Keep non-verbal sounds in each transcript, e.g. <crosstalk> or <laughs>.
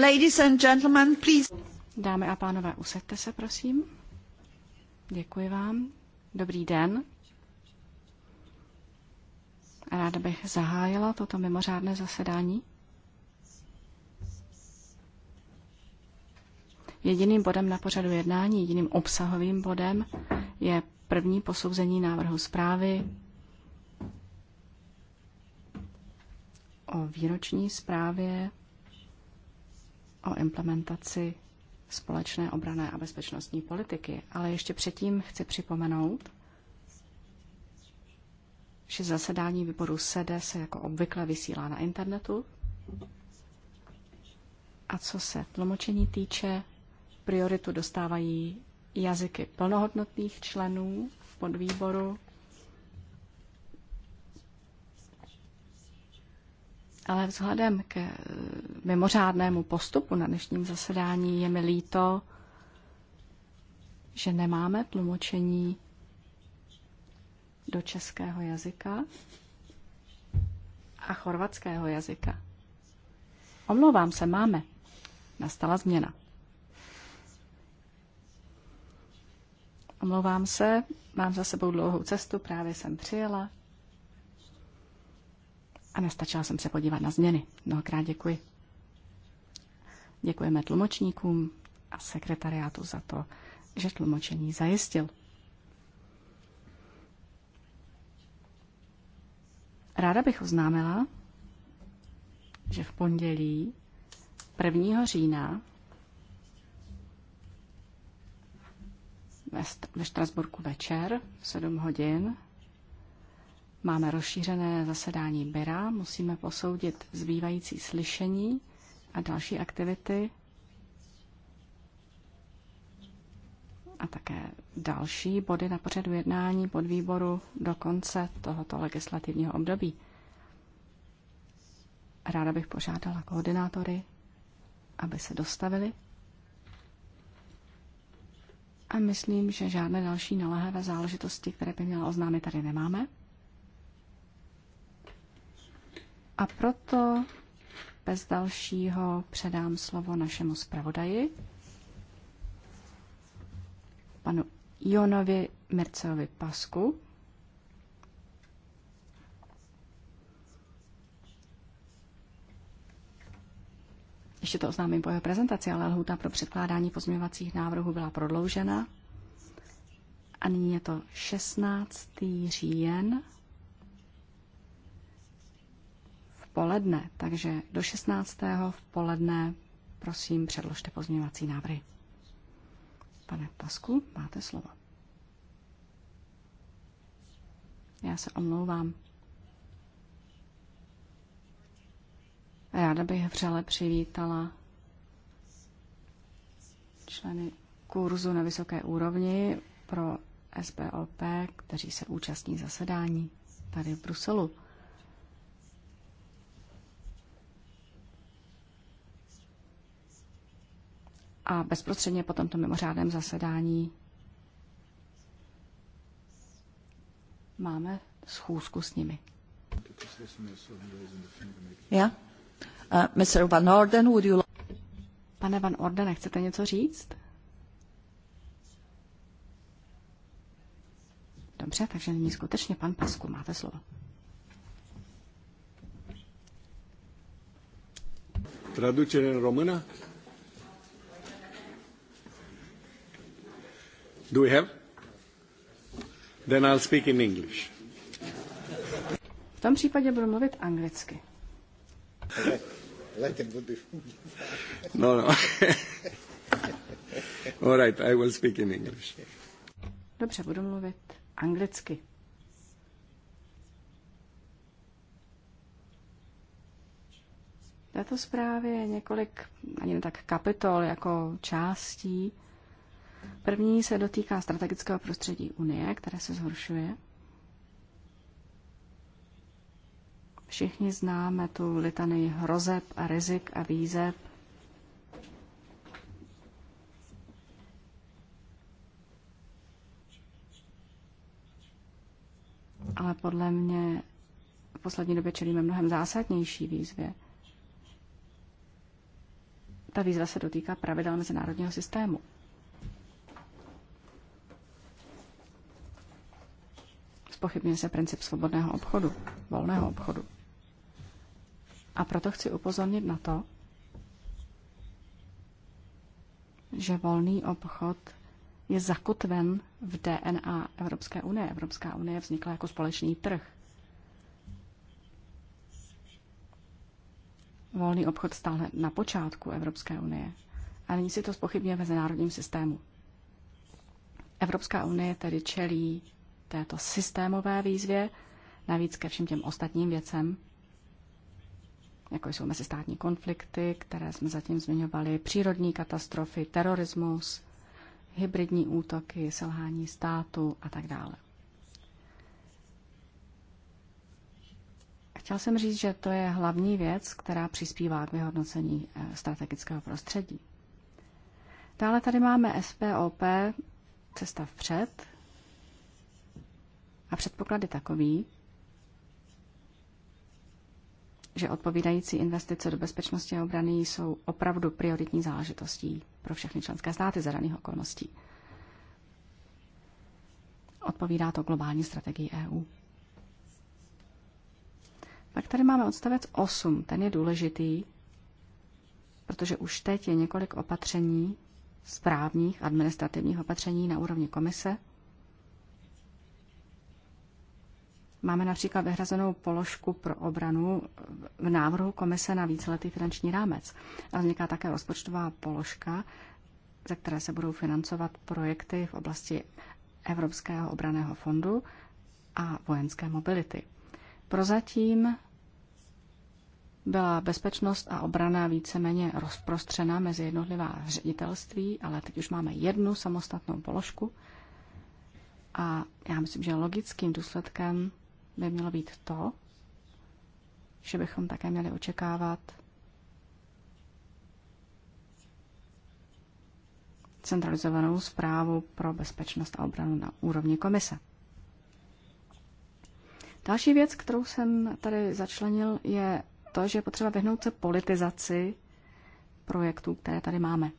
Ladies and gentlemen, please. Dámy a pánové, usaďte se, prosím. Děkuji vám. Dobrý den. Ráda bych zahájila toto mimořádné zasedání. Jediným bodem na pořadu jednání, jediným obsahovým bodem je První posouzení návrhu zprávy o výroční zprávě o implementaci společné obrané a bezpečnostní politiky. Ale ještě předtím chci připomenout, že zasedání výboru SEDE se jako obvykle vysílá na internetu. A co se tlumočení týče, prioritu dostávají jazyky plnohodnotných členů v podvýboru, ale vzhledem k eh, mimořádnému postupu na dnešním zasedání je mi líto, že nemáme tlumočení do českého jazyka a chorvatského jazyka. Omlouvám se, máme. Nastala změna. Omlouvám se, mám za sebou dlouhou cestu, právě jsem přijela a nestačila jsem se podívat na změny. Mnohokrát děkuji. Děkujeme tlumočníkům a sekretariátu za to, že tlumočení zajistil. Ráda bych oznámila, že v pondělí 1. října ve Štrasburku večer 7 hodin. Máme rozšířené zasedání Byra, musíme posoudit zbývající slyšení a další aktivity a také další body na pořadu jednání pod výboru do konce tohoto legislativního období. Ráda bych požádala koordinátory, aby se dostavili. A myslím, že žádné další naléhavé záležitosti, které by měla oznámit, tady nemáme. A proto bez dalšího předám slovo našemu zpravodaji, panu Jonovi Merceovi Pasku. Ještě to oznámím po jeho prezentaci, ale lhůta pro předkládání pozměňovacích návrhů byla prodloužena. A nyní je to 16. říjen v poledne, takže do 16. v poledne prosím předložte pozměňovací návrhy. Pane Pasku, máte slovo. Já se omlouvám. Ráda bych vřele přivítala členy kurzu na vysoké úrovni pro SBOP, kteří se účastní zasedání tady v Bruselu. A bezprostředně po tomto mimořádném zasedání máme schůzku s nimi. Ja? Uh, Mr. Van Orden, would you... Pane Van Ordene, chcete něco říct? Dobře, takže nyní skutečně pan Pasku, máte slovo. Traducere în română? Do we have? Then I'll speak in English. V tom případě budu mluvit anglicky would be. no, no. <laughs> All right, I will speak in English. Dobře, budu mluvit anglicky. této zprávě je několik, ani ne tak kapitol, jako částí. První se dotýká strategického prostředí Unie, které se zhoršuje. Všichni známe tu litany hrozeb a rizik a výzeb. Ale podle mě v poslední době čelíme mnohem zásadnější výzvě. Ta výzva se dotýká pravidel mezinárodního systému. Spochybňuje se princip svobodného obchodu, volného obchodu. A proto chci upozornit na to, že volný obchod je zakotven v DNA Evropské unie. Evropská unie vznikla jako společný trh. Volný obchod stále na počátku Evropské unie. A nyní si to spochybně ve národním systému. Evropská unie tedy čelí této systémové výzvě, navíc ke všem těm ostatním věcem, jako jsou mezistátní konflikty, které jsme zatím zmiňovali, přírodní katastrofy, terorismus, hybridní útoky, selhání státu a tak dále. Chtěl jsem říct, že to je hlavní věc, která přispívá k vyhodnocení eh, strategického prostředí. Dále tady máme SPOP, cesta vpřed a předpoklad je takový, že odpovídající investice do bezpečnosti a obrany jsou opravdu prioritní záležitostí pro všechny členské státy za daných okolností. Odpovídá to globální strategii EU. Pak tady máme odstavec 8, ten je důležitý, protože už teď je několik opatření, správních administrativních opatření na úrovni komise – Máme například vyhrazenou položku pro obranu v návrhu komise na víceletý finanční rámec. A vzniká také rozpočtová položka, ze které se budou financovat projekty v oblasti Evropského obraného fondu a vojenské mobility. Prozatím byla bezpečnost a obrana víceméně rozprostřena mezi jednotlivá ředitelství, ale teď už máme jednu samostatnou položku. A já myslím, že logickým důsledkem by mělo být to, že bychom také měli očekávat centralizovanou zprávu pro bezpečnost a obranu na úrovni komise. Další věc, kterou jsem tady začlenil, je to, že je potřeba vyhnout se politizaci projektů, které tady máme.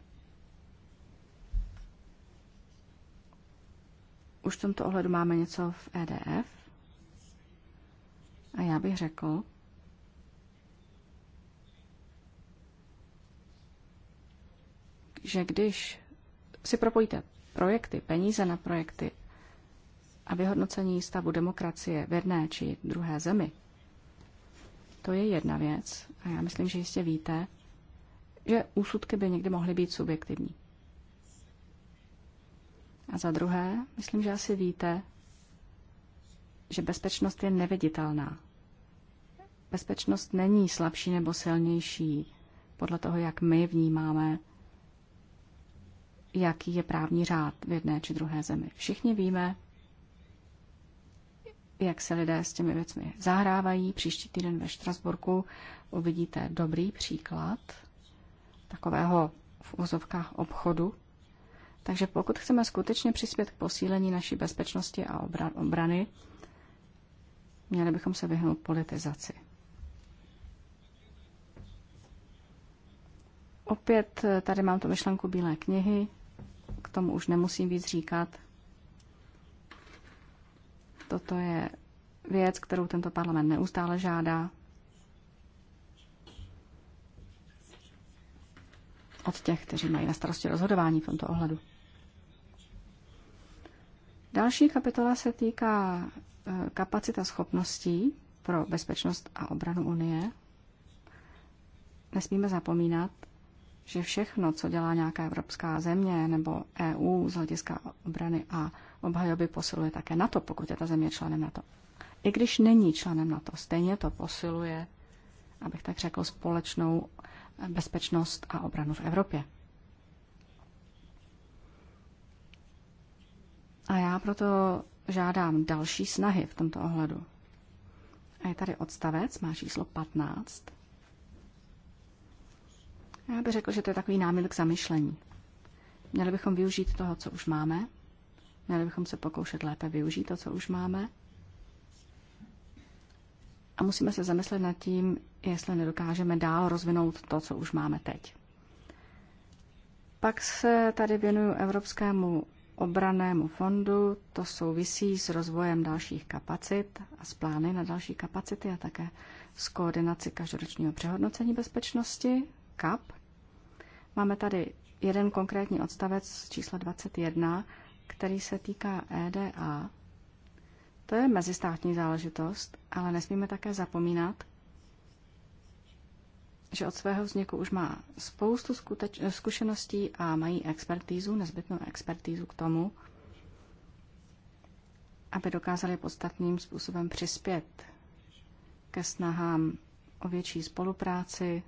Už v tomto ohledu máme něco v EDF, a já bych řekl, že když si propojíte projekty, peníze na projekty a vyhodnocení stavu demokracie v jedné či druhé zemi, to je jedna věc a já myslím, že jistě víte, že úsudky by někdy mohly být subjektivní. A za druhé, myslím, že asi víte, že bezpečnost je neviditelná. Bezpečnost není slabší nebo silnější podle toho, jak my vnímáme, jaký je právní řád v jedné či druhé zemi. Všichni víme, jak se lidé s těmi věcmi zahrávají. Příští týden ve Štrasburku uvidíte dobrý příklad takového v úzovkách obchodu. Takže pokud chceme skutečně přispět k posílení naší bezpečnosti a obrany, Měli bychom se vyhnout politizaci. Opět eh, tady mám tu myšlenku Bílé knihy, k tomu už nemusím víc říkat. Toto je věc, kterou tento parlament neustále žádá. Od těch, kteří mají na starosti rozhodování v tomto ohledu. Další kapitola se týká kapacita schopností pro bezpečnost a obranu Unie, nesmíme zapomínat, že všechno, co dělá nějaká evropská země nebo EU z hlediska obrany a obhajoby, posiluje také NATO, pokud je ta země členem NATO. I když není členem NATO, stejně to posiluje, abych tak řekl, společnou bezpečnost a obranu v Evropě. A já proto žádám další snahy v tomto ohledu. A je tady odstavec, má číslo 15. Já bych řekl, že to je takový námil k zamyšlení. Měli bychom využít toho, co už máme, měli bychom se pokoušet lépe využít to, co už máme. A musíme se zamyslet nad tím, jestli nedokážeme dál rozvinout to, co už máme teď. Pak se tady věnuju Evropskému obranému fondu, to souvisí s rozvojem dalších kapacit a s plány na další kapacity a také s koordinací každoročního přehodnocení bezpečnosti, KAP. Máme tady jeden konkrétní odstavec číslo 21, který se týká EDA. To je mezistátní záležitost, ale nesmíme také zapomínat, že od svého vzniku už má spoustu skuteč- zkušeností a mají expertízu, nezbytnou expertízu k tomu, aby dokázali podstatným způsobem přispět ke snahám o větší spolupráci,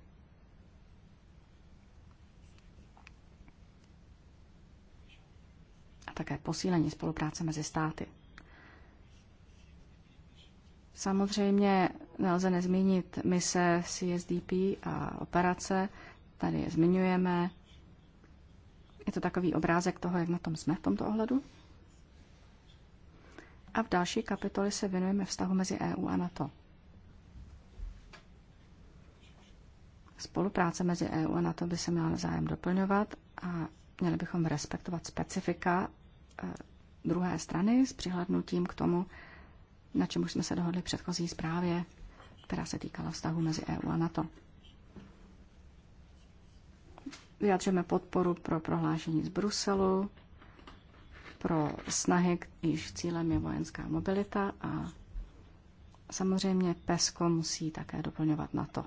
a také posílení spolupráce mezi státy. Samozřejmě nelze nezmínit mise CSDP a operace. Tady je zmiňujeme. Je to takový obrázek toho, jak na tom jsme v tomto ohledu. A v další kapitoli se věnujeme vztahu mezi EU a NATO. Spolupráce mezi EU a NATO by se měla zájem doplňovat a měli bychom respektovat specifika e, druhé strany s přihlednutím k tomu, na čem už jsme se dohodli v předchozí zprávě která se týkala vztahu mezi EU a NATO. Vyjadřujeme podporu pro prohlášení z Bruselu, pro snahy, již cílem je vojenská mobilita a samozřejmě PESCO musí také doplňovat NATO.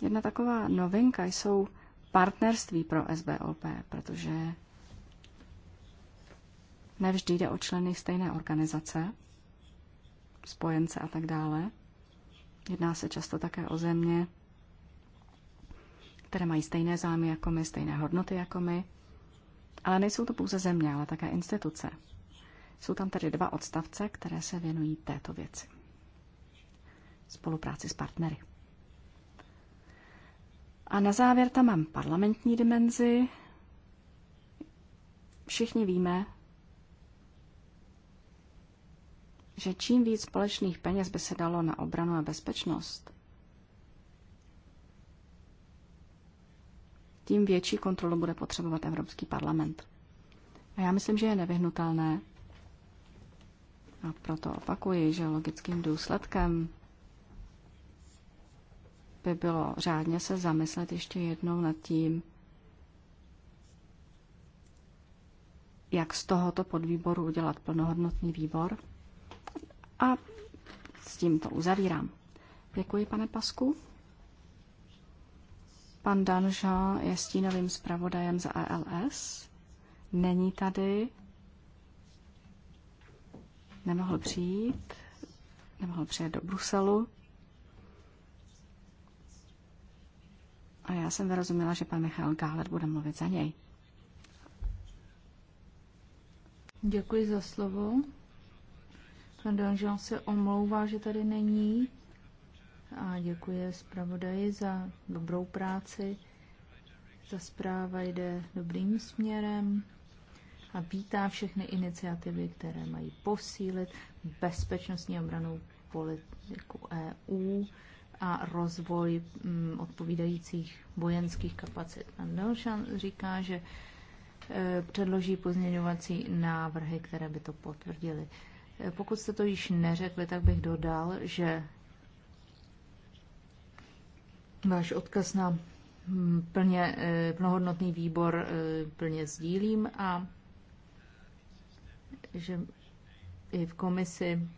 Jedna taková novinka jsou partnerství pro SBOP, protože nevždy jde o členy stejné organizace spojence a tak dále. Jedná se často také o země, které mají stejné zájmy jako my, stejné hodnoty jako my, ale nejsou to pouze země, ale také instituce. Jsou tam tedy dva odstavce, které se věnují této věci. Spolupráci s partnery. A na závěr tam mám parlamentní dimenzi. Všichni víme, že čím víc společných peněz by se dalo na obranu a bezpečnost, tím větší kontrolu bude potřebovat Evropský parlament. A já myslím, že je nevyhnutelné. A proto opakuji, že logickým důsledkem by bylo řádně se zamyslet ještě jednou nad tím, jak z tohoto podvýboru udělat plnohodnotný výbor, a s tím to uzavírám. Děkuji, pane Pasku. Pan Danža je stínovým zpravodajem za ALS. Není tady. Nemohl přijít. Nemohl přijet do Bruselu. A já jsem vyrozuměla, že pan Michal Gálet bude mluvit za něj. Děkuji za slovo. Pan Danžel se omlouvá, že tady není a děkuje zpravodaji za dobrou práci. Ta zpráva jde dobrým směrem a vítá všechny iniciativy, které mají posílit bezpečnostní obranou politiku EU a rozvoj mm, odpovídajících vojenských kapacit. Pan Delšan říká, že eh, předloží pozměňovací návrhy, které by to potvrdily. Pokud jste to již neřekli, tak bych dodal, že váš odkaz na hm, plně, e, plnohodnotný výbor e, plně sdílím a že i v komisi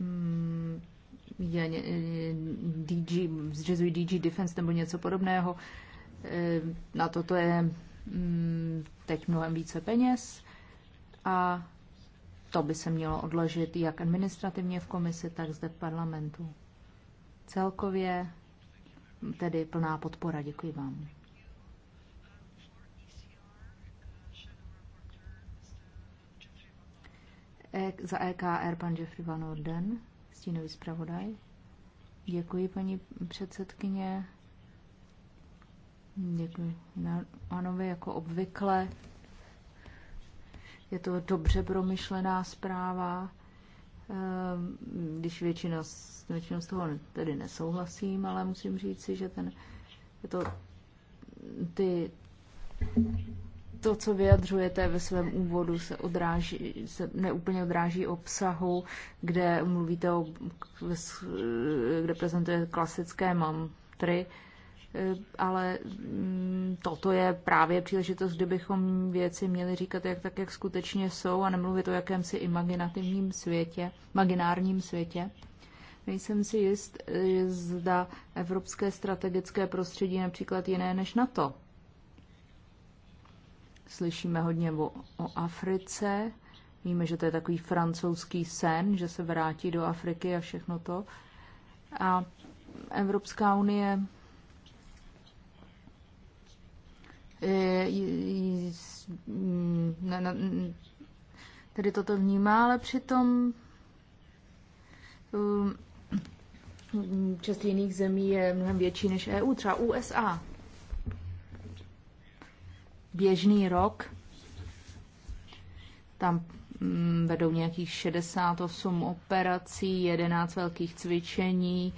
hm, je e, DG, zřizují DG Defense nebo něco podobného. Na toto je hm, teď mnohem více peněz a to by se mělo odložit jak administrativně v komisi, tak zde v parlamentu. Celkově tedy plná podpora. Děkuji vám. E, za EKR pan Jeffrey Van Orden, stínový zpravodaj. Děkuji, paní předsedkyně. Děkuji. Ano, jako obvykle, je to dobře promyšlená zpráva, ehm, když většina, většinou z toho tedy nesouhlasím, ale musím říct si, že ten, je to, ty, to, co vyjadřujete ve svém úvodu, se, odráží, se neúplně odráží obsahu, kde mluvíte o, kde prezentuje klasické mantry, ale mm, toto je právě příležitost, kdybychom věci měli říkat jak tak, jak skutečně jsou a nemluvit o jakémsi imaginativním světě, imaginárním světě. Nejsem si jist, eh, zda evropské strategické prostředí je například jiné než NATO. Slyšíme hodně o, o Africe, víme, že to je takový francouzský sen, že se vrátí do Afriky a všechno to. A Evropská unie Eh, mm, tedy toto vnímá, ale přitom um, část jiných zemí je mnohem větší než EU, třeba USA. Běžný rok, tam mm, vedou nějakých 68 operací, 11 velkých cvičení,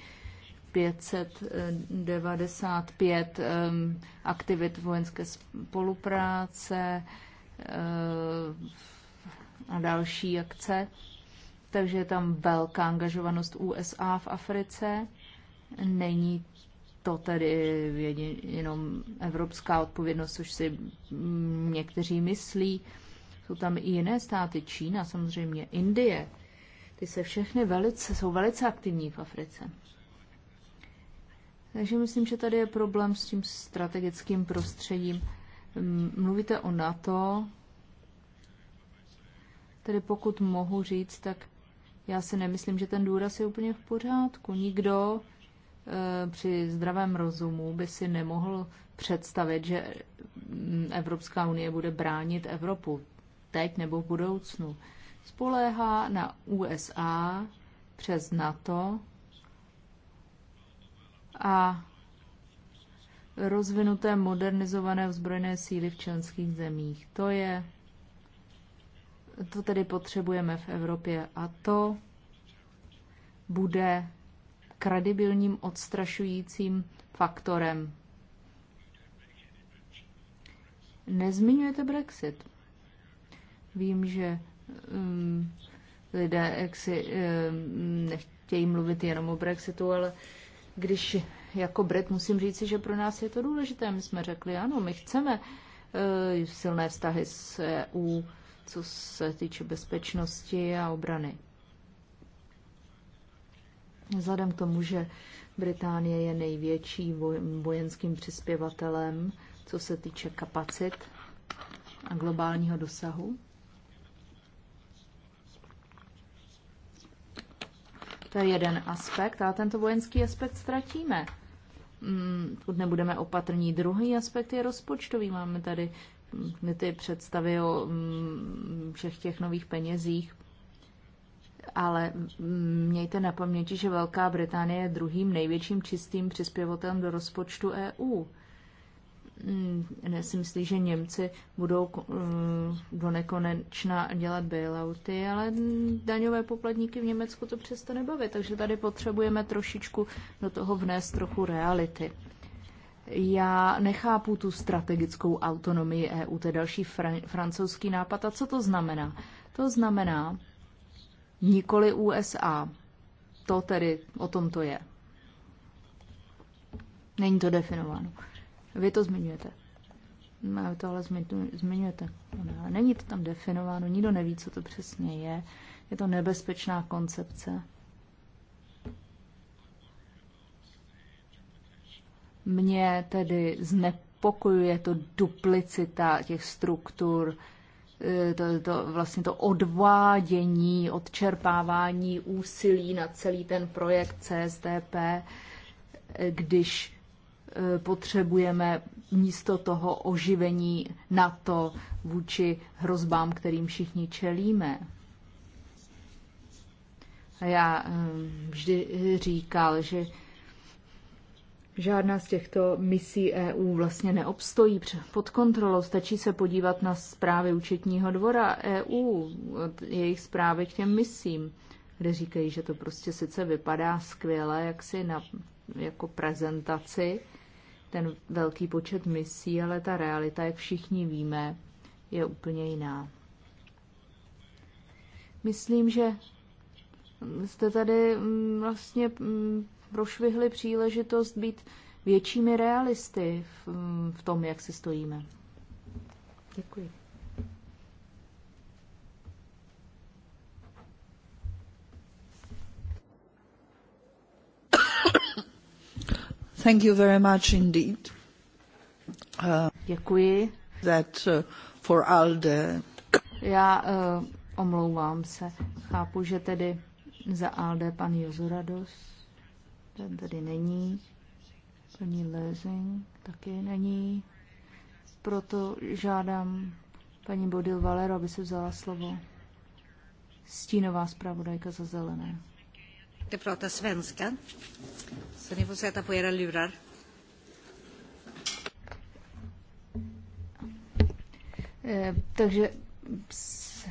595 ehm, aktivit vojenské spolupráce ehm, a další akce. Takže je tam velká angažovanost USA v Africe. Není to tedy jenom evropská odpovědnost, což si někteří myslí. Jsou tam i jiné státy, Čína samozřejmě, Indie. Ty se všechny velice, jsou velice aktivní v Africe. Takže myslím, že tady je problém s tím strategickým prostředím. Mluvíte o NATO, tedy pokud mohu říct, tak já si nemyslím, že ten důraz je úplně v pořádku. Nikdo e, při zdravém rozumu by si nemohl představit, že Evropská unie bude bránit Evropu teď nebo v budoucnu. Spoléhá na USA přes NATO, a rozvinuté modernizované ozbrojené síly v členských zemích. To je, to tedy potřebujeme v Evropě a to bude kredibilním odstrašujícím faktorem. Nezmiňujete Brexit. Vím, že um, lidé jak si, um, mm, nechtějí mluvit jenom o Brexitu, ale uh, když jako Brit musím říci, že pro nás je to důležité. My jsme řekli, ano, my chceme uh, silné vztahy s EU, co se týče bezpečnosti a obrany. Vzhledem k tomu, že Británie je největší vojenským přispěvatelem, co se týče kapacit a globálního dosahu, To je jeden aspekt, ale tento vojenský aspekt ztratíme. Mm, pokud nebudeme opatrní, druhý aspekt je rozpočtový. Máme tady mm, ty představy o mm, všech těch nových penězích, ale mějte na paměti, že Velká Británie je druhým největším čistým přispěvatelem do rozpočtu EU. Hmm, ne si myslí, že Němci budou eh, do nekonečna dělat bailouty, ale daňové poplatníky v Německu to přesto nebaví, takže tady potřebujeme trošičku do toho vnést trochu reality. Já nechápu tu strategickou autonomii EU, to je další fran- francouzský nápad. A co to znamená? To znamená nikoli USA. To tedy o tom to je. Není to definováno. Vy to zmiňujete. No, vy to ale zmiňujete. No, ale není to tam definováno, nikdo neví, co to přesně je. Je to nebezpečná koncepce. Mě tedy znepokojuje to duplicita těch struktur, e, to, to, vlastně to odvádění, odčerpávání úsilí na celý ten projekt CSTP, e, když potřebujeme místo toho oživení NATO vůči hrozbám, kterým všichni čelíme. A já eh, vždy říkal, že žádná z těchto misí EU vlastně neobstojí pod kontrolou. Stačí se podívat na zprávy účetního dvora EU, jejich zprávy k těm misím, kde říkají, že to prostě sice vypadá skvěle, jak si na, jako prezentaci, ten velký počet misí, ale ta realita, jak všichni víme, je úplně jiná. Myslím, že jste tady mm, vlastně mm, prošvihli příležitost být většími realisty v, mm, tom, jak se stojíme. Děkuji. Uh, Děkuji. That uh, for ALDE. Já uh, omlouvám se. Chápu, že tedy za ALDE pan Jozorados, ten tady není. Paní Lezing taky není. Proto žádám paní Bodil Valero, aby se vzala slovo. Stínová zpravodajka za zelené svenska, så ni får sätta på era lurar. Eh, takže si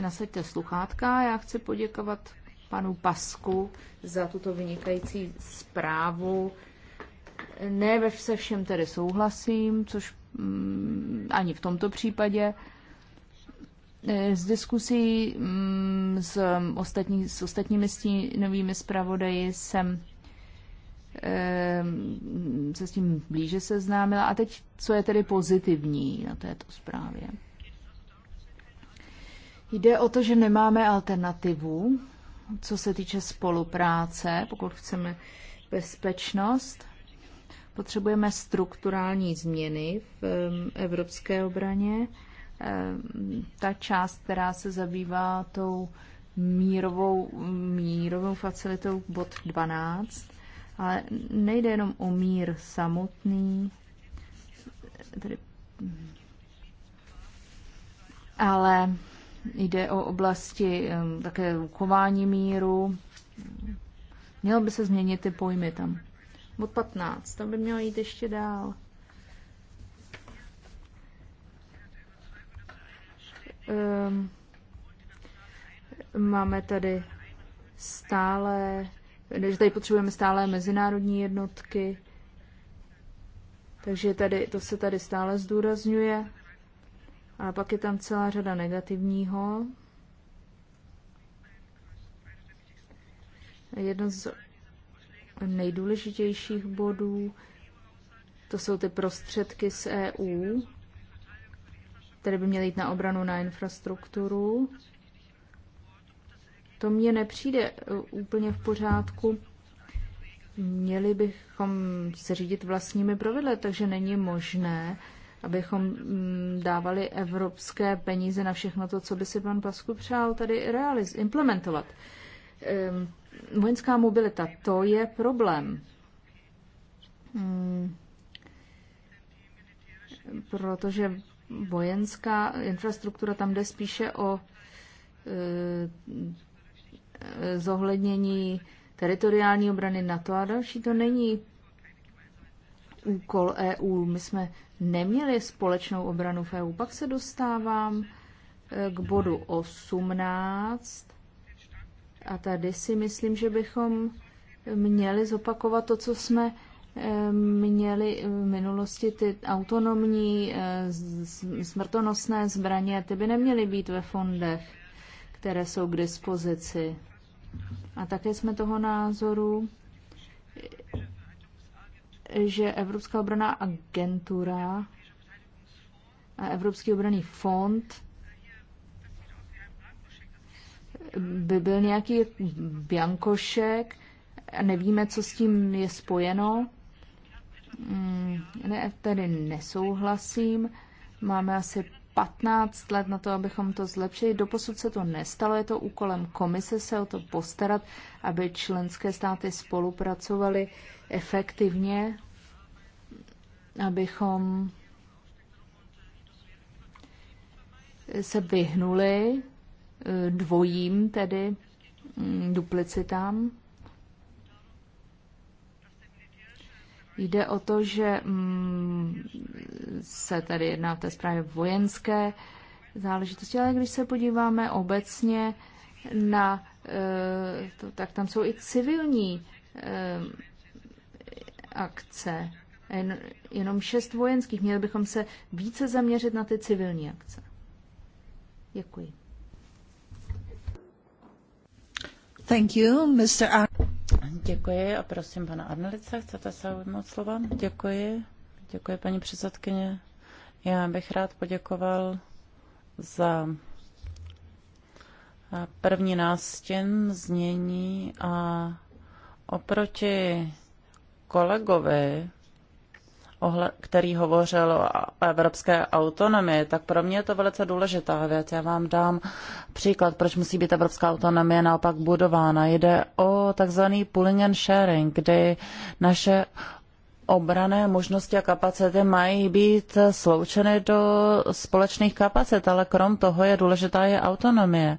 nasaďte sluchátka. Já chci poděkovat panu Pasku za tuto vynikající zprávu. Ne ve se všem tedy souhlasím, což mm, ani v tomto případě. Eh, z diskusí mm, s, mm, ostatní, s ostatními stínovými zpravodaji jsem eh, se s tím blíže seznámila. A teď, co je tedy pozitivní na této zprávě? Jde o to, že nemáme alternativu, co se týče spolupráce, pokud chceme bezpečnost. Potřebujeme strukturální změny v eh, evropské obraně ta část, která se zabývá tou mírovou, mírovou facilitou bod 12, ale nejde jenom o mír samotný, tedy, ale jde o oblasti um, také chování míru. Mělo by se změnit ty pojmy tam. Bod 15, tam by mělo jít ještě dál. Ehm, máme tady stále, že tady potřebujeme stále mezinárodní jednotky, takže tady, to se tady stále zdůrazňuje. A pak je tam celá řada negativního. Jedno z nejdůležitějších bodů, to jsou ty prostředky z EU které by měly jít na obranu, na infrastrukturu. To mně nepřijde eh, úplně v pořádku. Měli bychom se řídit vlastními pravidly, takže není možné, abychom mm, dávali evropské peníze na všechno to, co by si pan Pasku přál tady realiz, implementovat. Ehm, vojenská mobilita, to je problém. Hmm. Protože vojenská infrastruktura, tam jde spíše o e, zohlednění teritoriální obrany NATO a další. To není úkol EU. My jsme neměli společnou obranu v EU. Pak se dostávám e, k bodu 18 a tady si myslím, že bychom měli zopakovat to, co jsme měli v minulosti ty autonomní eh, smrtonosné zbraně, ty by neměly být ve fondech, které jsou k dispozici. A také jsme toho názoru, že Evropská obraná agentura a Evropský obraný fond by byl nějaký biankošek, nevíme, co s tím je spojeno Mm, ne, tedy nesouhlasím. Máme asi 15 let na to, abychom to zlepšili. Doposud se to nestalo, je to úkolem komise se o to postarat, aby členské státy spolupracovaly efektivně, abychom se vyhnuli eh, dvojím, tedy mm, duplicitám. Jde o to, že mm, se tady jedná v té zprávě vojenské záležitosti, ale když se podíváme obecně na eh, to, tak tam jsou i civilní eh, akce. Jen, jenom šest vojenských. Měli bychom se více zaměřit na ty civilní akce. Děkuji. Thank you, Mr. Ar- Děkuji a prosím pana Arnelice, chcete se ujmout slova? Děkuji. Děkuji, paní předsedkyně. Já bych rád poděkoval za první nástěn znění a oproti kolegovi který hovořil o evropské autonomii, tak pro mě je to velice důležitá věc. Já vám dám příklad, proč musí být evropská autonomie naopak budována. Jde o takzvaný pooling and sharing, kdy naše obrané možnosti a kapacity mají být sloučeny do společných kapacit, ale krom toho je důležitá je autonomie.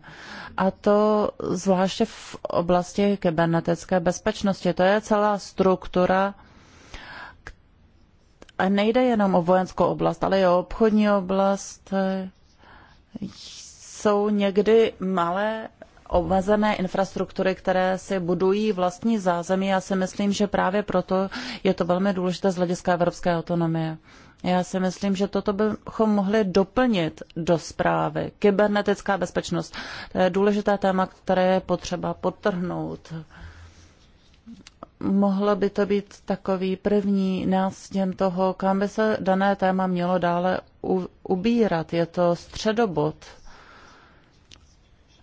A to zvláště v oblasti kybernetické bezpečnosti. To je celá struktura a nejde jenom o vojenskou oblast, ale i o obchodní oblast. Jsou někdy malé omezené infrastruktury, které si budují vlastní zázemí. Já si myslím, že právě proto je to velmi důležité z hlediska evropské autonomie. Já si myslím, že toto bychom mohli doplnit do zprávy. Kybernetická bezpečnost. To je důležité téma, které je potřeba podtrhnout mohlo by to být takový první nástěn toho, kam by se dané téma mělo dále u, ubírat. Je to středobod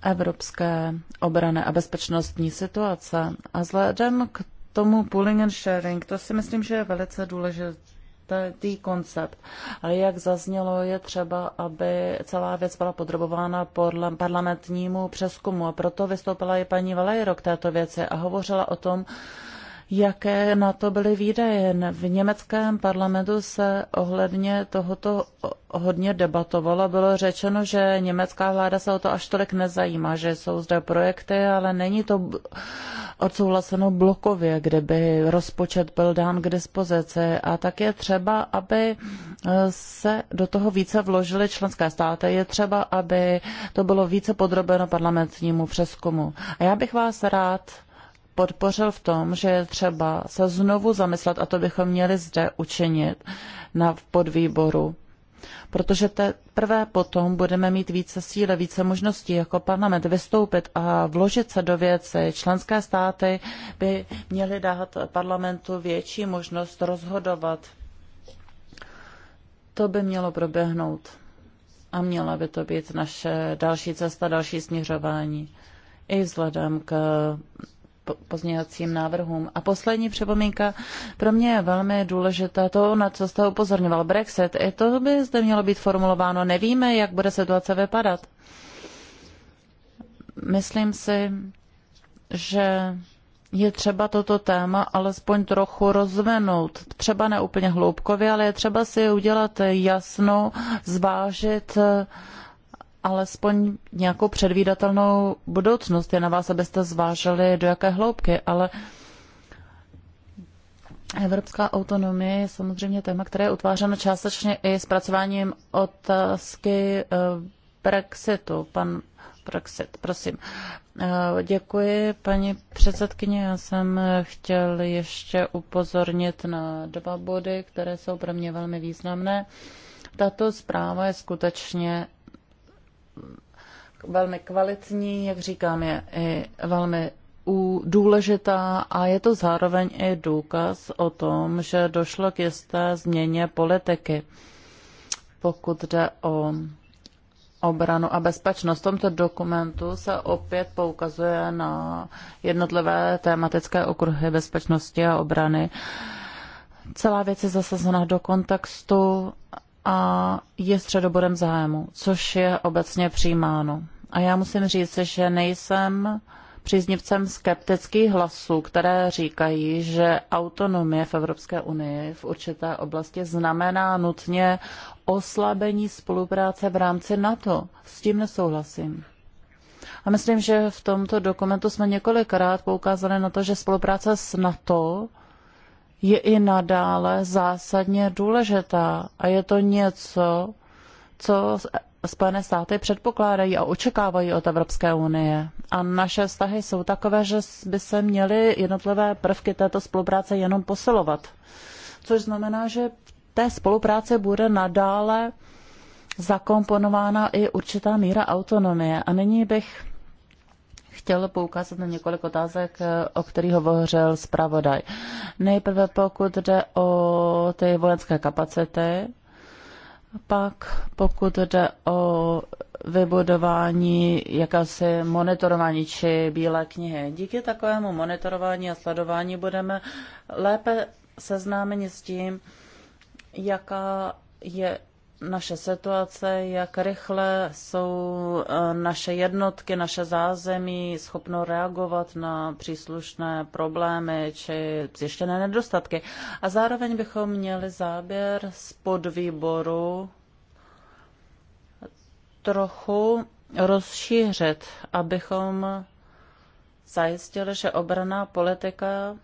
evropské obrany a bezpečnostní situace. A vzhledem k tomu pooling and sharing, to si myslím, že je velice důležitý koncept. Ale jak zaznělo, je třeba, aby celá věc byla podrobována podle parlamentnímu přeskumu. A proto vystoupila i paní Valejro k této věci a hovořila o tom, jaké na to byly výdaje. V německém parlamentu se ohledně tohoto hodně debatovalo. Bylo řečeno, že německá vláda se o to až tolik nezajímá, že jsou zde projekty, ale není to odsouhlaseno blokově, kde by rozpočet byl dán k dispozici. A tak je třeba, aby e, se do toho více vložily členské státy. Je třeba, aby to bylo více podrobeno parlamentnímu přeskumu. A já bych vás rád podpořil v tom, že je třeba se znovu zamyslet, a to bychom měli zde učinit na podvýboru, protože teprve potom budeme mít více síly, více možností jako parlament vystoupit a vložit se do věci. Členské státy by měly dát parlamentu větší možnost rozhodovat. To by mělo proběhnout a měla by to být naše další cesta, další směřování. I vzhledem k pozměňovacím návrhům. A poslední připomínka pro mě je velmi důležitá, to, na co jste upozorňoval, Brexit. I to by zde mělo být formulováno. Nevíme, jak bude situace vypadat. Myslím si, že je třeba toto téma alespoň trochu rozvenout. Třeba ne úplně hloubkově, ale je třeba si udělat jasno, zvážit alespoň nějakou předvídatelnou budoucnost. Je na vás, abyste zvážili, do jaké hloubky, ale Evropská autonomie je samozřejmě téma, které je utvářeno částečně i zpracováním otázky eh, Brexitu. Pan Brexit, prosím. Eh, děkuji, paní předsedkyně. Já jsem chtěl ještě upozornit na dva body, které jsou pro mě velmi významné. Tato zpráva je skutečně velmi kvalitní, jak říkám, je i velmi důležitá a je to zároveň i důkaz o tom, že došlo k jisté změně politiky, pokud jde o obranu a bezpečnost. V tomto dokumentu se opět poukazuje na jednotlivé tématické okruhy bezpečnosti a obrany. Celá věc je zasazena do kontextu a je středobodem zájmu, což je obecně přijímáno. A já musím říct, že nejsem příznivcem skeptických hlasů, které říkají, že autonomie v Evropské unii v určité oblasti znamená nutně oslabení spolupráce v rámci NATO. S tím nesouhlasím. A myslím, že v tomto dokumentu jsme několikrát poukázali na to, že spolupráce s NATO je i nadále zásadně důležitá a je to něco, co Spojené státy předpokládají a očekávají od Evropské unie. A naše vztahy jsou takové, že by se měly jednotlivé prvky této spolupráce jenom posilovat. Což znamená, že té spolupráce bude nadále zakomponována i určitá míra autonomie. A nyní bych chtěl poukázat na několik otázek, eh, o kterých hovořil zpravodaj. Nejprve pokud jde o ty vojenské kapacity, pak pokud jde o vybudování jakési monitorování či bílé knihy. Díky takovému monitorování a sledování budeme lépe seznámeni s tím, jaká je naše situace, jak rychle jsou eh, naše jednotky, naše zázemí schopno reagovat na příslušné problémy či zjištěné nedostatky. A zároveň bychom měli záběr z podvýboru trochu rozšířit, abychom zajistili, že obraná politika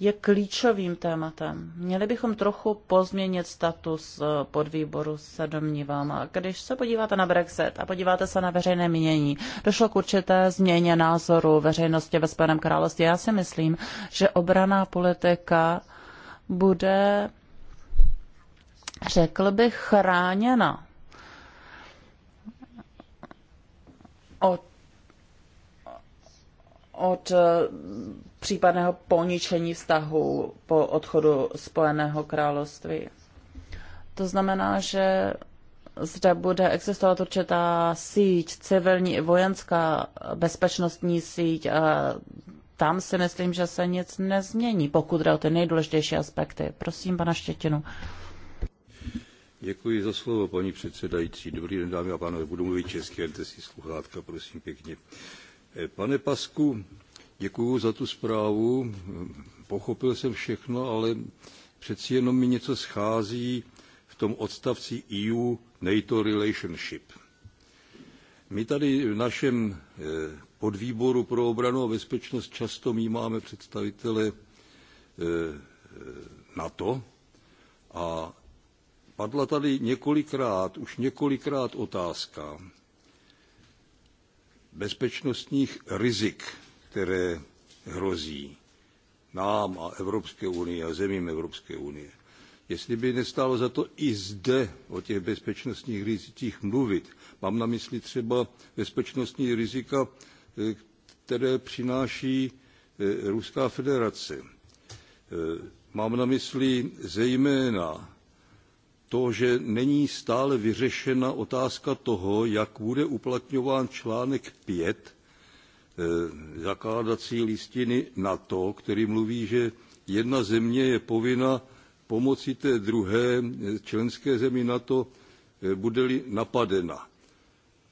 je klíčovým tématem. Měli bychom trochu pozměnit status eh, podvýboru, se domnívám. A když se podíváte na Brexit a podíváte se na veřejné mínění, došlo k určité změně názoru veřejnosti ve Spojeném království. Já si myslím, že obraná politika bude, řekl bych, chráněna od, od eh, případného poničení vztahu po odchodu Spojeného království. To znamená, že zde bude existovat určitá síť, civilní i vojenská bezpečnostní síť a tam si myslím, že se nic nezmění, pokud jde o ty nejdůležitější aspekty. Prosím, pana Štětinu. Děkuji za slovo, paní předsedající. Dobrý den, dámy a pánové. Budu mluvit česky, jen si sluchátka, prosím pěkně. Eh, pane Pasku, Děkuji za tu zprávu. Pochopil jsem všechno, ale přeci jenom mi něco schází v tom odstavci EU-NATO relationship. My tady v našem eh, podvýboru pro obranu a bezpečnost často máme představitele eh, eh, NATO a padla tady několikrát, už několikrát otázka bezpečnostních rizik které hrozí nám a Evropské unii a zemím Evropské unie. Jestli by nestálo za to i zde o těch bezpečnostních rizicích mluvit, mám na mysli třeba bezpečnostní rizika, které přináší eh, Ruská federace. Eh, mám na mysli zejména to, že není stále vyřešena otázka toho, jak bude uplatňován článek 5 Eh, zakládací listiny NATO, který mluví, že jedna země je povinna pomoci té druhé eh, členské zemi NATO, eh, bude-li napadena.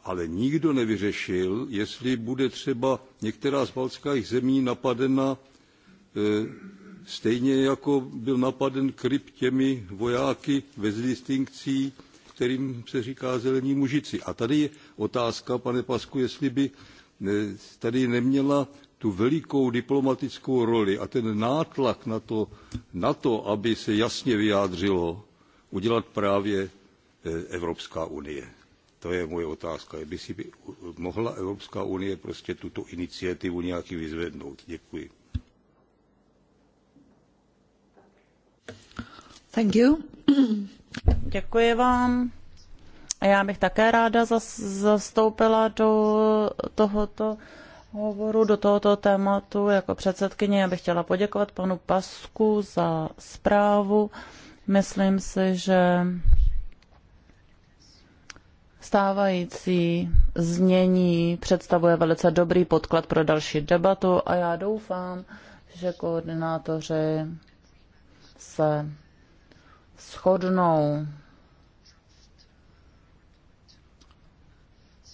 Ale nikdo nevyřešil, jestli bude třeba některá z baltských zemí napadena stejně jako byl napaden Kryp těmi vojáky bez distinkcí, kterým se říká zelení mužici. A tady je otázka, pane Pasku, jestli by tady neměla tu velikou diplomatickou roli a ten nátlak na to, na to aby se jasně vyjádřilo, udělat právě e, Evropská unie. To je moje otázka. By si by mohla Evropská unie prostě tuto iniciativu nějaký vyzvednout? Děkuji. Thank you. Děkuji vám. Já bych také ráda zas, zastoupila do tohoto hovoru, do tohoto tématu jako předsedkyně. Já bych chtěla poděkovat panu Pasku za zprávu. Myslím si, že stávající znění představuje velice dobrý podklad pro další debatu a já doufám, že koordinátoři se shodnou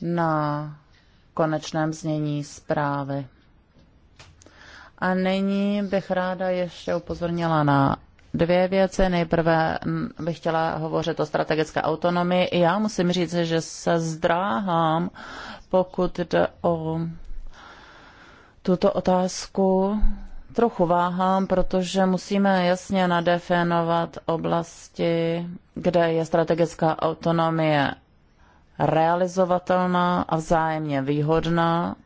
na konečném znění zprávy. A nyní bych ráda ještě upozornila na dvě věci. Nejprve bych chtěla hovořit o strategické autonomii. I já musím říct, že se zdráhám, pokud jde o tuto otázku. Trochu váhám, protože musíme jasně nadefinovat oblasti, kde je strategická autonomie realizovatelná a vzájemně výhodná.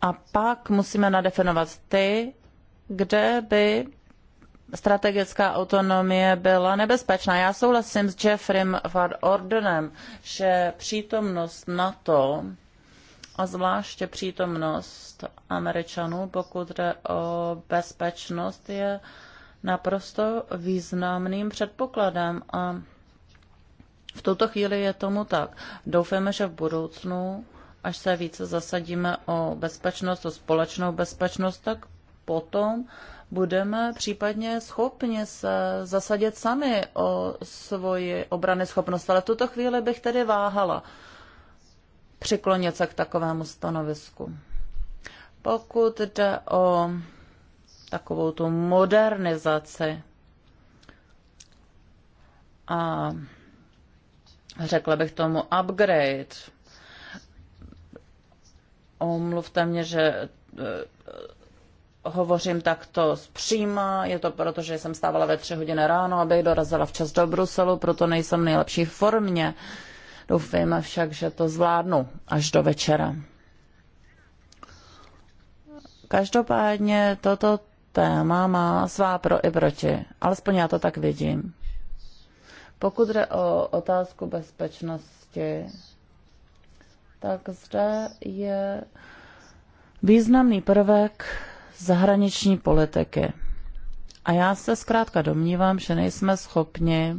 A pak musíme nadefinovat ty, kde by strategická autonomie byla nebezpečná. Já souhlasím s Jeffrem Van Ordenem, že přítomnost NATO a zvláště přítomnost Američanů, pokud jde o bezpečnost, je naprosto významným předpokladem. A v tuto chvíli je tomu tak. Doufáme, že v budoucnu, až se více zasadíme o bezpečnost, o společnou bezpečnost, tak potom budeme případně schopni se zasadit sami o svoji obrany schopnost. Ale v tuto chvíli bych tedy váhala přiklonit se k takovému stanovisku. Pokud jde o takovou tu modernizaci a řekla bych tomu upgrade. Omluvte mě, že e, hovořím takto zpříma, je to proto, že jsem stávala ve tři hodiny ráno, abych dorazila včas do Bruselu, proto nejsem v nejlepší formě. Doufám však, že to zvládnu až do večera. Každopádně toto téma má svá pro i proti, alespoň já to tak vidím. Pokud jde o otázku bezpečnosti, tak zde je významný prvek zahraniční politiky. A já se zkrátka domnívám, že nejsme schopni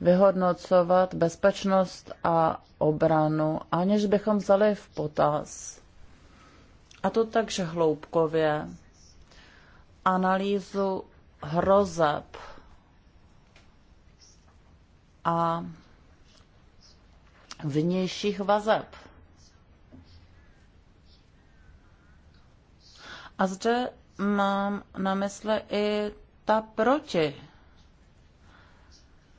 vyhodnocovat bezpečnost a obranu, aniž bychom vzali v potaz, a to takže hloubkově, analýzu hrozeb a vnějších vazeb. A zde mám na mysli i ta proti.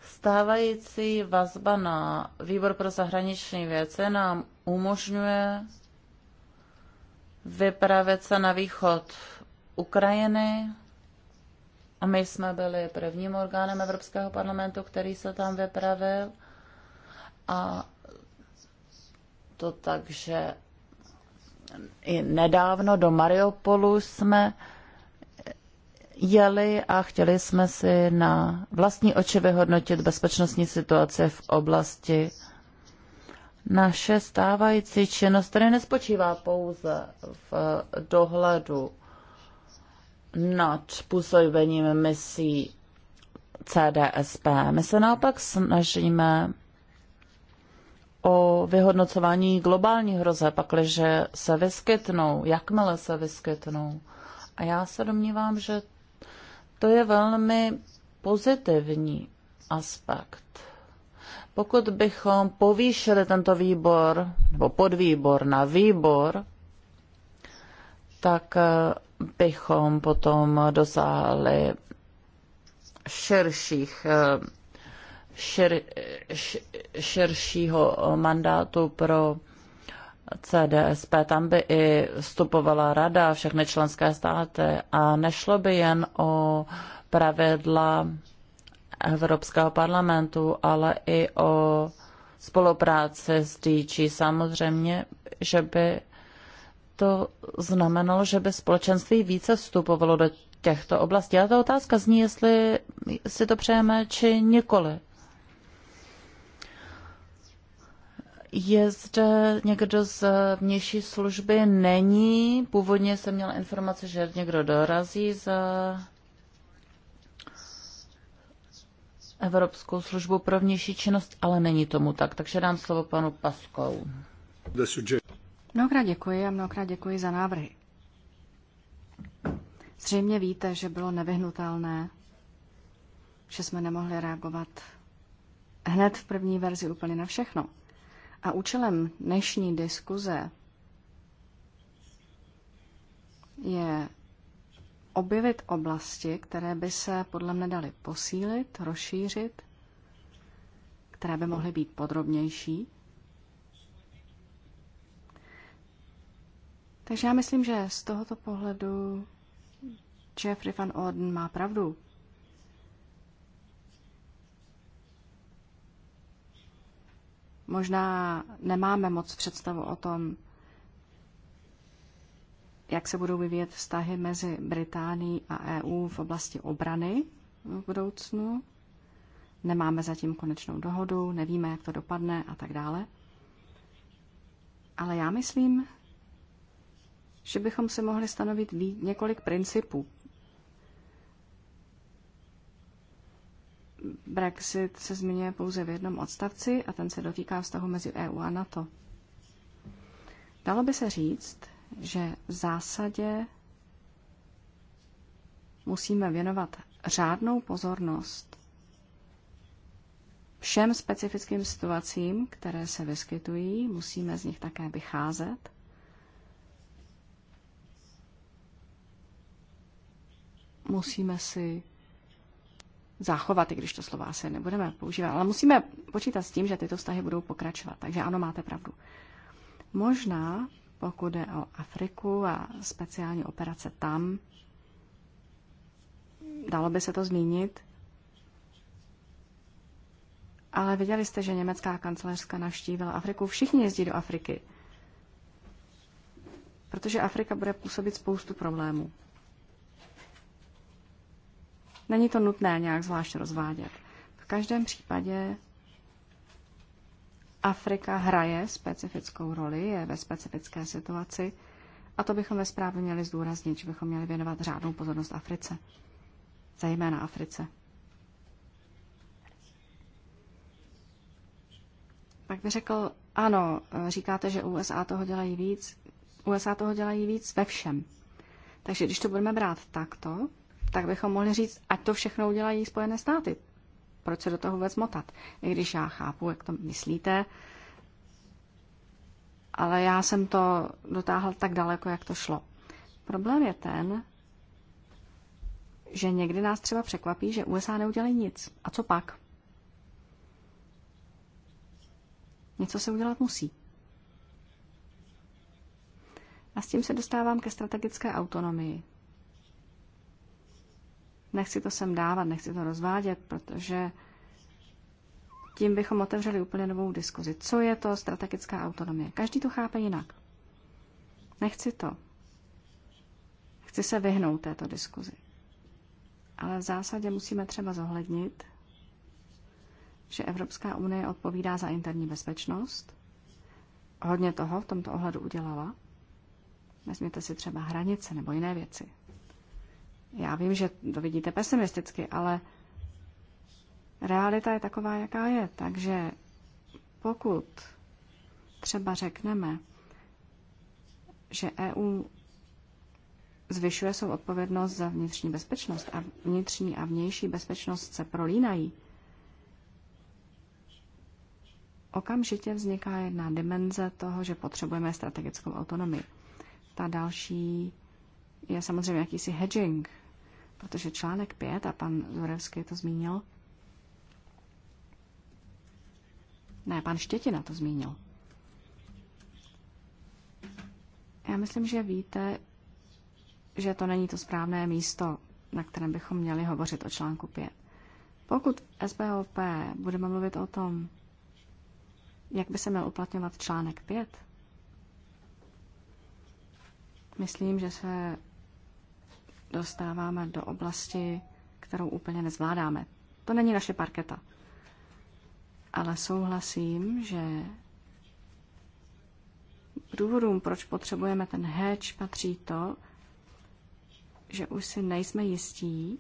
Stávající vazba na výbor pro zahraniční věci nám umožňuje vypravit se na východ Ukrajiny, a My jsme byli prvním orgánem Evropského parlamentu, který se tam vypravil a to tak, že i nedávno do Mariupolu jsme jeli a chtěli jsme si na vlastní oči vyhodnotit bezpečnostní situaci v oblasti. Naše stávající činnost tedy nespočívá pouze v dohledu nad působením misí CDSP. My se naopak snažíme o vyhodnocování globální hroze, pakliže se vyskytnou, jakmile se vyskytnou. A já se domnívám, že to je velmi pozitivní aspekt. Pokud bychom povýšili tento výbor, nebo podvýbor na výbor, tak eh, bychom potom dosáhli širších eh, šir, širšího mandátu pro CDSP. Tam by i vstupovala rada, všechny členské státy a nešlo by jen o pravidla Evropského parlamentu, ale i o spolupráci s DG. Samozřejmě, že by to znamenalo, že by společenství více vstupovalo do těchto oblastí. A ta otázka zní, jestli si to přejeme, či nikoli. Je zde někdo z vnější služby? Není. Původně jsem měla informace, že někdo dorazí za Evropskou službu pro vnější činnost, ale není tomu tak. Takže dám slovo panu Paskou. Mnohokrát děkuji a mnohokrát děkuji za návrhy. Zřejmě víte, že bylo nevyhnutelné, že jsme nemohli reagovat hned v první verzi úplně na všechno. A účelem dnešní diskuze je objevit oblasti, které by se podle mne daly posílit, rozšířit, které by mohly být podrobnější Takže já myslím, že z tohoto pohledu Jeffrey van Orden má pravdu. Možná nemáme moc představu o tom, jak se budou vyvíjet vztahy mezi Británií a EU v oblasti obrany v budoucnu. Nemáme zatím konečnou dohodu, nevíme, jak to dopadne a tak dále. Ale já myslím, že bychom se mohli stanovit několik principů. Brexit se zmiňuje pouze v jednom odstavci a ten se dotýká vztahu mezi EU a NATO. Dalo by se říct, že v zásadě musíme věnovat řádnou pozornost všem specifickým situacím, které se vyskytují, musíme z nich také vycházet musíme si zachovat, i když to slova asi nebudeme používat, ale musíme počítat s tím, že tyto vztahy budou pokračovat. Takže ano, máte pravdu. Možná, pokud jde o Afriku a speciální operace tam, dalo by se to zmínit, ale viděli jste, že německá kancelářka navštívila Afriku. Všichni jezdí do Afriky, protože Afrika bude působit spoustu problémů. Není to nutné nějak zvlášť rozvádět. V každém případě Afrika hraje specifickou roli, je ve specifické situaci a to bychom ve zprávě měli zdůraznit, že bychom měli věnovat řádnou pozornost Africe, zejména Africe. Pak by řekl, ano, říkáte, že USA toho dělají víc. USA toho dělají víc ve všem. Takže když to budeme brát takto, tak bychom mohli říct, ať to všechno udělají Spojené státy. Proč se do toho vůbec motat? I když já chápu, jak to myslíte, ale já jsem to dotáhl tak daleko, jak to šlo. Problém je ten, že někdy nás třeba překvapí, že USA neudělají nic. A co pak? Něco se udělat musí. A s tím se dostávám ke strategické autonomii. Nechci to sem dávat, nechci to rozvádět, protože tím bychom otevřeli úplně novou diskuzi. Co je to strategická autonomie? Každý to chápe jinak. Nechci to. Chci se vyhnout této diskuzi. Ale v zásadě musíme třeba zohlednit, že Evropská unie odpovídá za interní bezpečnost. Hodně toho v tomto ohledu udělala. Vezměte si třeba hranice nebo jiné věci. Já vím, že to vidíte pesimisticky, ale realita je taková, jaká je. Takže pokud třeba řekneme, že EU zvyšuje svou odpovědnost za vnitřní bezpečnost a vnitřní a vnější bezpečnost se prolínají, okamžitě vzniká jedna dimenze toho, že potřebujeme strategickou autonomii. Ta další je samozřejmě jakýsi hedging, Protože článek 5, a pan Zorevský to zmínil, ne, pan Štětina to zmínil. Já myslím, že víte, že to není to správné místo, na kterém bychom měli hovořit o článku 5. Pokud SBOP budeme mluvit o tom, jak by se měl uplatňovat článek 5, myslím, že se dostáváme do oblasti, kterou úplně nezvládáme. To není naše parketa. Ale souhlasím, že k důvodům, proč potřebujeme ten hedge, patří to, že už si nejsme jistí,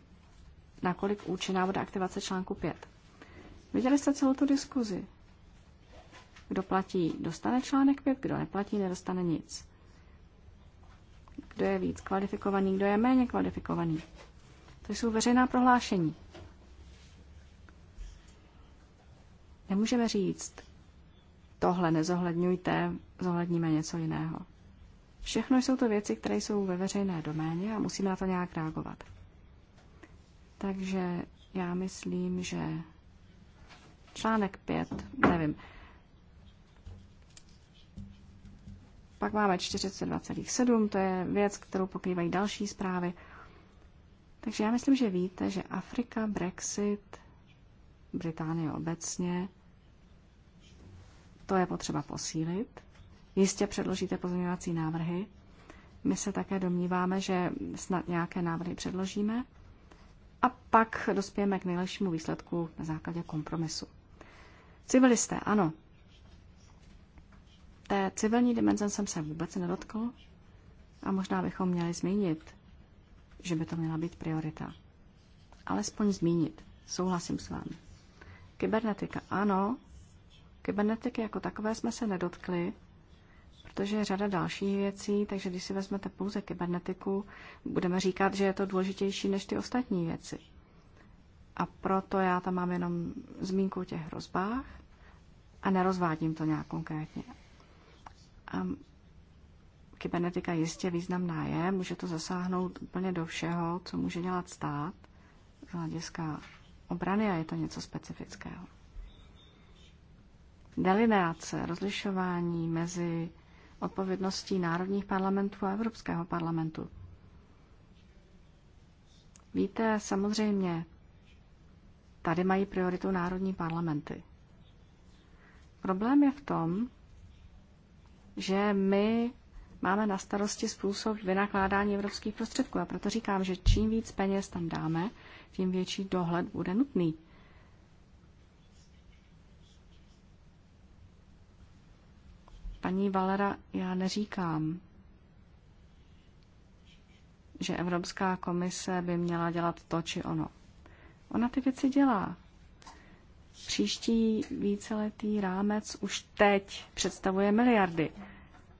nakolik účinná bude aktivace článku 5. Viděli jste celou tu diskuzi. Kdo platí, dostane článek 5, kdo neplatí, nedostane nic kdo je víc kvalifikovaný, kdo je méně kvalifikovaný. To jsou veřejná prohlášení. Nemůžeme říct, tohle nezohledňujte, zohledníme něco jiného. Všechno jsou to věci, které jsou ve veřejné doméně a musíme na to nějak reagovat. Takže já myslím, že článek 5, nevím, Pak máme 42,7, to je věc, kterou pokrývají další zprávy. Takže já myslím, že víte, že Afrika, Brexit, Británie obecně, to je potřeba posílit. Jistě předložíte pozměňovací návrhy. My se také domníváme, že snad nějaké návrhy předložíme a pak dospějeme k nejlepšímu výsledku na základě kompromisu. Civilisté, ano, Té civilní dimenze jsem se vůbec nedotkl a možná bychom měli zmínit, že by to měla být priorita. Alespoň zmínit. Souhlasím s vámi. Kybernetika. Ano, kybernetiky jako takové jsme se nedotkli, protože je řada dalších věcí, takže když si vezmete pouze kybernetiku, budeme říkat, že je to důležitější než ty ostatní věci. A proto já tam mám jenom zmínku o těch hrozbách a nerozvádím to nějak konkrétně. Um, kybernetika jistě významná je, může to zasáhnout úplně do všeho, co může dělat stát z hlediska obrany a je to něco specifického. Delineace, rozlišování mezi odpovědností národních parlamentů a Evropského parlamentu. Víte, samozřejmě, tady mají prioritu národní parlamenty. Problém je v tom, že my máme na starosti způsob vynakládání evropských prostředků. A proto říkám, že čím víc peněz tam dáme, tím větší dohled bude nutný. Paní Valera, já neříkám, že Evropská komise by měla dělat to či ono. Ona ty věci dělá. Příští víceletý rámec už teď představuje miliardy.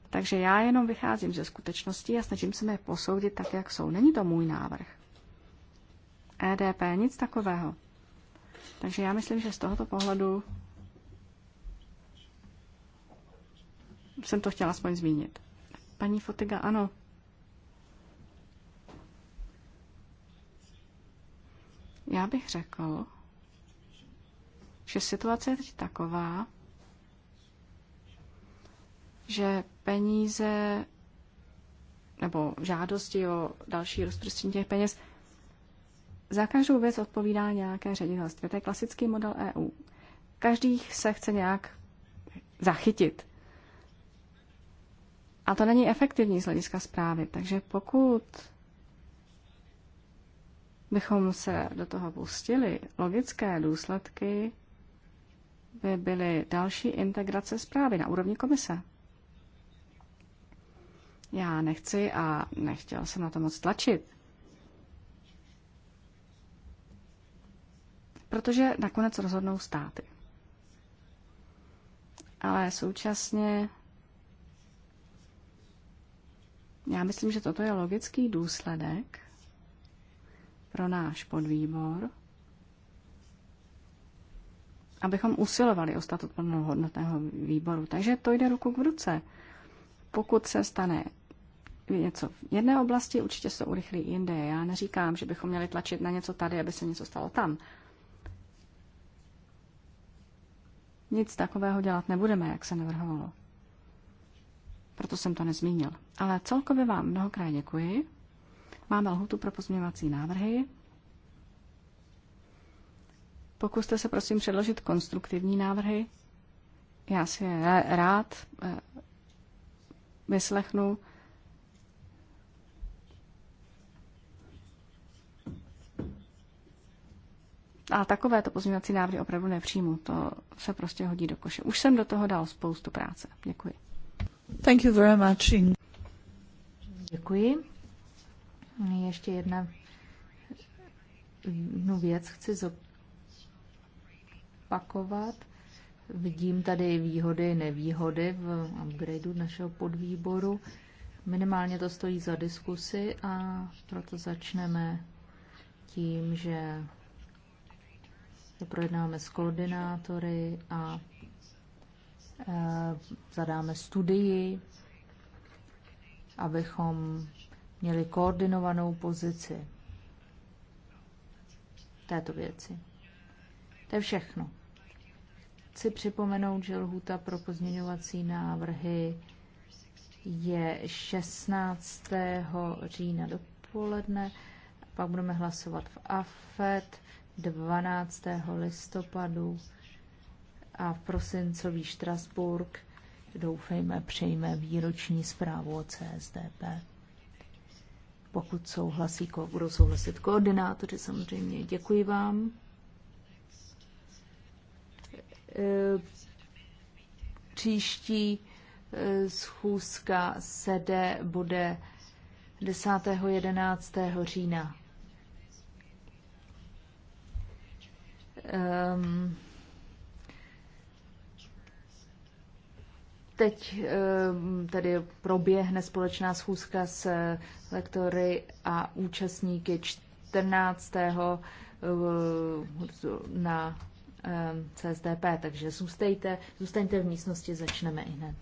Takže já jenom vycházím ze skutečností a snažím se je posoudit tak, jak jsou. Není to můj návrh. EDP, nic takového. Takže já myslím, že z tohoto pohledu jsem to chtěla aspoň zmínit. Paní Fotiga, ano. Já bych řekl, že situace je teď taková, že peníze nebo žádosti o další rozprostření těch peněz za každou věc odpovídá nějaké ředitelství. To je klasický model EU. Každý se chce nějak zachytit. A to není efektivní z hlediska zprávy. Takže pokud bychom se do toho pustili, logické důsledky by byly další integrace zprávy na úrovni komise. Já nechci a nechtěl jsem na to moc tlačit. Protože nakonec rozhodnou státy. Ale současně já myslím, že toto je logický důsledek pro náš podvýbor – abychom usilovali o statut plnohodnotného výboru. Takže to jde ruku v ruce. Pokud se stane něco v jedné oblasti, určitě se urychlí i jinde. Já neříkám, že bychom měli tlačit na něco tady, aby se něco stalo tam. Nic takového dělat nebudeme, jak se navrhovalo. Proto jsem to nezmínil. Ale celkově vám mnohokrát děkuji. Máme lhutu pro pozměňovací návrhy Pokuste se prosím předložit konstruktivní návrhy. Já si je rád eh, vyslechnu. A takovéto pozměňovací návrhy opravdu nepřijmu. To se prostě hodí do koše. Už jsem do toho dal spoustu práce. Děkuji. Thank you very much. Děkuji. Ještě jedna no věc chci zopakovat opakovat. Vidím tady výhody, nevýhody v upgradeu našeho podvýboru. Minimálně to stojí za diskusy a proto začneme tím, že to projednáme s koordinátory a e, zadáme studii, abychom měli koordinovanou pozici této věci. To je všechno chci připomenout, že lhůta pro pozměňovací návrhy je 16. října dopoledne, pak budeme hlasovat v AFET 12. listopadu a v prosincový Štrasburg doufejme přejme výroční zprávu o CSDP. Pokud souhlasí, budou souhlasit koordinátoři samozřejmě. Děkuji vám. Eh, příští eh, schůzka sede bude 10. 11. října. Um, teď ehm, tedy proběhne společná schůzka s eh, lektory a účastníky 14. na Ehm, CSDP, takže zůstejte, zůstaňte v místnosti, začneme i hned.